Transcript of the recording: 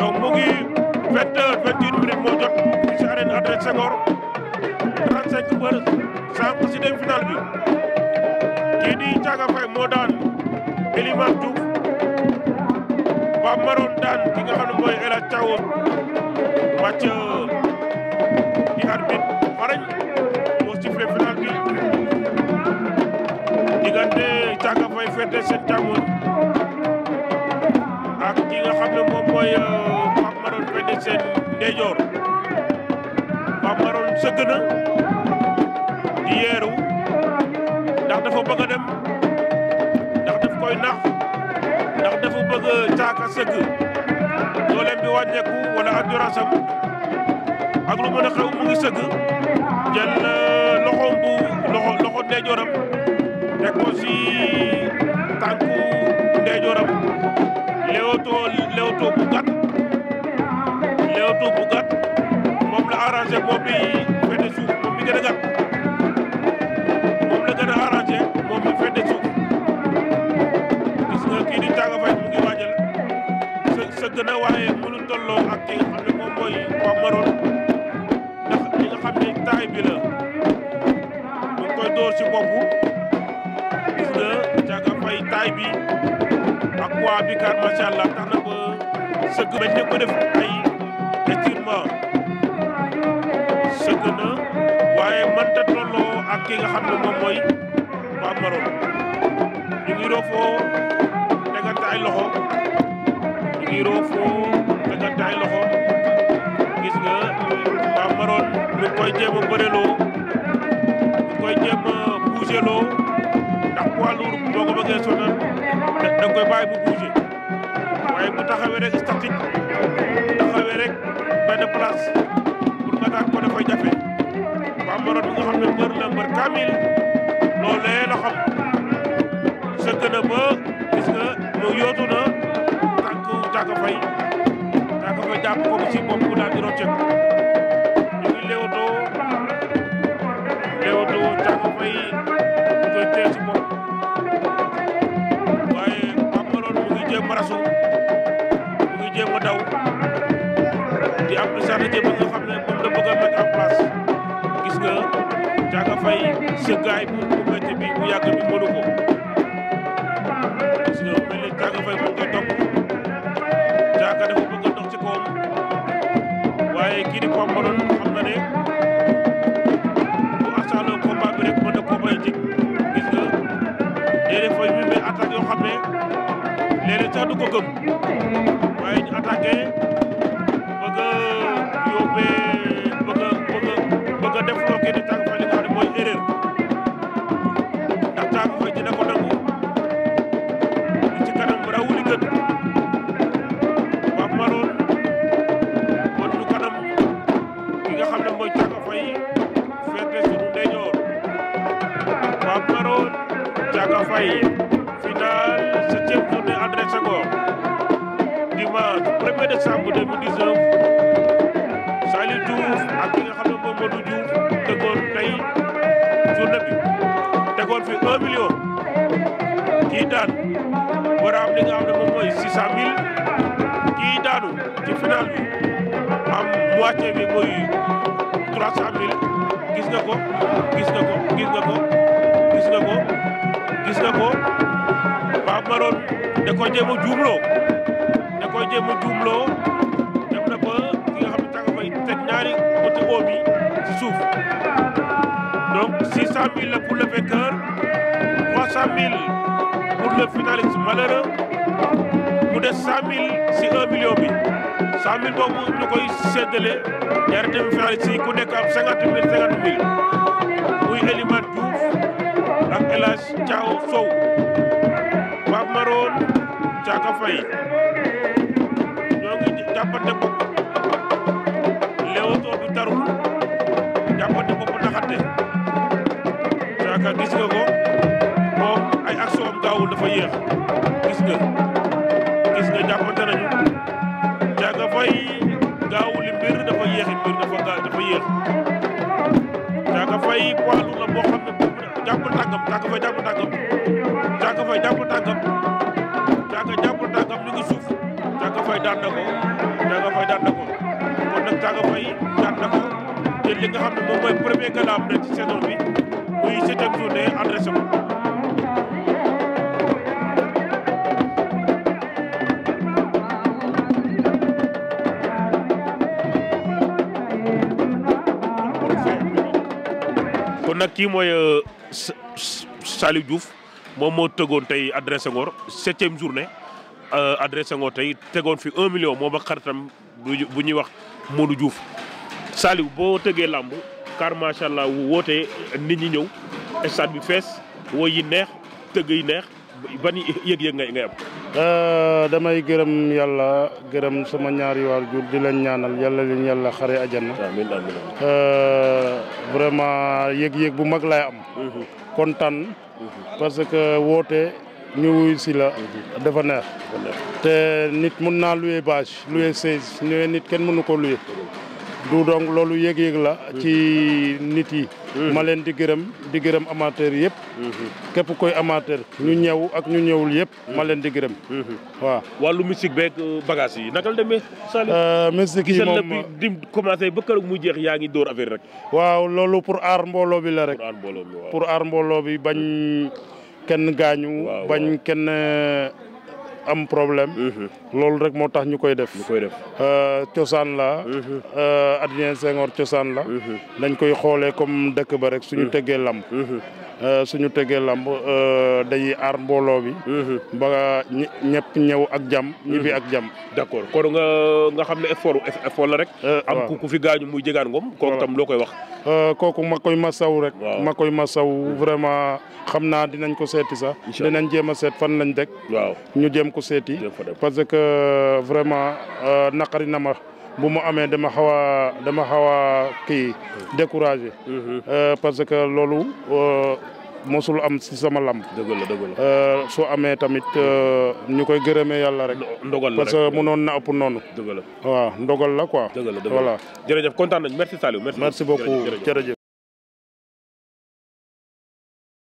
donc mu ngi vingt heures vingt une minutes moo jot fii si arène Adrien Senghor 35 heures sànq si dem final bi kii di Thiaka Faye moo daan Elimane Diouf Pape Maron daan ki nga xam ne mooy El Hadj Thiaw di arbitre farañ moo sifflé final bi diggante Thiaka Faye féete seen càmmoñ ak ki nga xam ne moom mooy euh, seen ndeyjoor Pape Maroon sëgg di yeeru ndax dafa bëgg a dem ndax daf koy nax ndax dafa bëgg caaka sëgg dooleem bi wàññeeku wala endurance am ak lu mën a xew mu ngi sëgg jël uh, loxoom bu loxo loxo ndeyjooram teg ko si moom mi fete suuf moom mi gën a moom la gën a moom mi fete suuf gis nga kii di Ndiaga Faye mu ngi waajal sa sa gën a waaye mënul tolloo ak ki nga xam ne moom mooy waa Maroon ndax li nga xam ne taay bi la mu koy door ci bopp gis nga Ndiaga Faye taay bi ak waa bi kat macha allah tax na ba sëgg bañ ne ko def ay. yàgg waaye mënta tolloo ak ki xam ne moom mooy Pape Maron ñu ngi roofoo tegante ay loxo ñu ngi roofoo tegante ay loxo gis nga Pape Maron ñu koy jéem a bëreloo ñu koy jéem a bougeloo ndax poids lourd boo ko bëggee sonal da koy bàyyi bu bougé waaye bu taxawee rek statique taxawee rek benn place nga daan ko mbër kamil la xam sëgg ba gis nga mu na tànk Caaka Fay Caaka Fay jàpp ci bopp daal di rocceeku ñu ngi léewatoo léewatoo Caaka Fay ñu koy tee ci bopp waaye Bambaroon mu ngi jéem a rasu ngi jéem a daw di am lu sax la xam ne sëggaay bu bu métti bi bu yàgg bi mënu ko gis nga mel ni Thiaka Faye mu ngi koy topp Thiaka dafa bëgg a ci kawam waaye kii di Pambaron xam na ne bu asaanoo combat bi rek mën na bay jig gis nga léeg-léeg fooy mu attaque yoo xam ne léeg-léeg ko gëm 1er décembre 2019 Saliou Diouf ak ki xam ne moom Modou Diouf tegoon tey journée bi tegoon fi 1 million kii daan war a am li nga xam ne moom kii daanu ci final bi am moitié bi mooy 300000 gis gis nga ko gis nga ko gis nga ko gis nga ko Pape Maroon ko jéem a juumloo koy jéem a juumloo dem na ba ki nga xam ne fay teg ñaari côté oom yi ci suuf donc 600000 la pour le vainqueur 300000 pour le finaliste malheureux mu des 100000 si 1 million bi boobu ñu koy séddale ñaari demi finaliste yi ku nekk am 50000 50000 muy Elimane Diouf ak El Hadj Thiaw Sow Pape Maroon Thiaka Faye jàppante bopp léewtoo bu tarul jàppante bopp naxante Caaka gis nga ko moom ay action am gaawul dafa yéex gis nga gis nga jàppante nañu Caaka Faye gaawul li mbir dafa yéexi mbir dafa gaaw dafa yéex Caaka Faye poids lourd la boo xam ne jàppul tàngam Caaka Faye jàppul tàngam Caaka Faye jàppul tàngam ngi suuf Caaka Faye daan na ko nga mooy kon nag ki mooy euh, Saliou Diouf moom moo tegoon tey adresse Ngor septième journée euh, adresse tey tegoon fi un million moom ak xaritam bu ñuy wax Modou Diouf Saliou boo tëggee làmb car macha allah woote nit ñi ñëw stade bi fees woo yi neex tëgg yi neex ban yëg-yëg ngay ngay am. Euh, damay gërëm yàlla gërëm sama ñaari waajur di leen ñaanal yàlla leen yàlla xare àjjana. amiin amiin euh, vraiment yëg-yëg bu mag laay am. Mhm. kontaan mhm. parce que woote. ñu wuyu si la. dafa neex. te nit mun naa louer bâche louer seize ñëwee nit kenn mënu ko louer. du donc loolu yëg-yëg la ci nit yi ma leen di gërëm di gërëm amateur yëpp képp koy amateur ñu ñëw ak ñu ñëwul yëpp ma leen di gërëm waa wàllu musique be bagage yi naka la demee Saliou euh, musique yi moom di commencé ba kër muy jeex yaa ngi door affaire rek waaw loolu pour aar mbooloo bi la rek pour aar mbooloo bañ kenn gaañu. bañ kenn euh, am problème. Mhm. loolu rek moo tax ñu koy def. ñu koy def euh, cosaan la. Mhm. Euh, Adrien Senghor cosaan la. dañ mhm. koy xoolee comme dëkk ba rek suñu tegee lamp Euh, suñu tëggee lamb euh, dañuy aar mbooloo bi. Mhm. ba ñëpp ñëw ak jàmm. ñibbi mhm. ak jàmm. d'accord kon nga nga xam ne effort effort la rek. Euh, am ku ku fi gaañu muy jegaan ngom. kooku tam loo koy wax. kooku ma koy masaw rek. ma koy masaw vraiment xam naa dinañ ko seeti sax. dinañ jéem a seet fan nañ teg. waaw ñu jéem ko seeti. parce que vraiment naqari na ma. bu mu amee dama xaw a dama xaw a kii découragé. Mm-hmm. Euh, parce que loolu euh, mosul am si sama lamb. dëgg la dëgg euh, soo amee tamit ñu koy gërëmee yàlla rek. ndogal la parce que mënoon na ëpp noonu. dëgg la ndogal la quoi. dëgg la dëgg la voilà kontaan nañu merci Saliou. merci beaucoup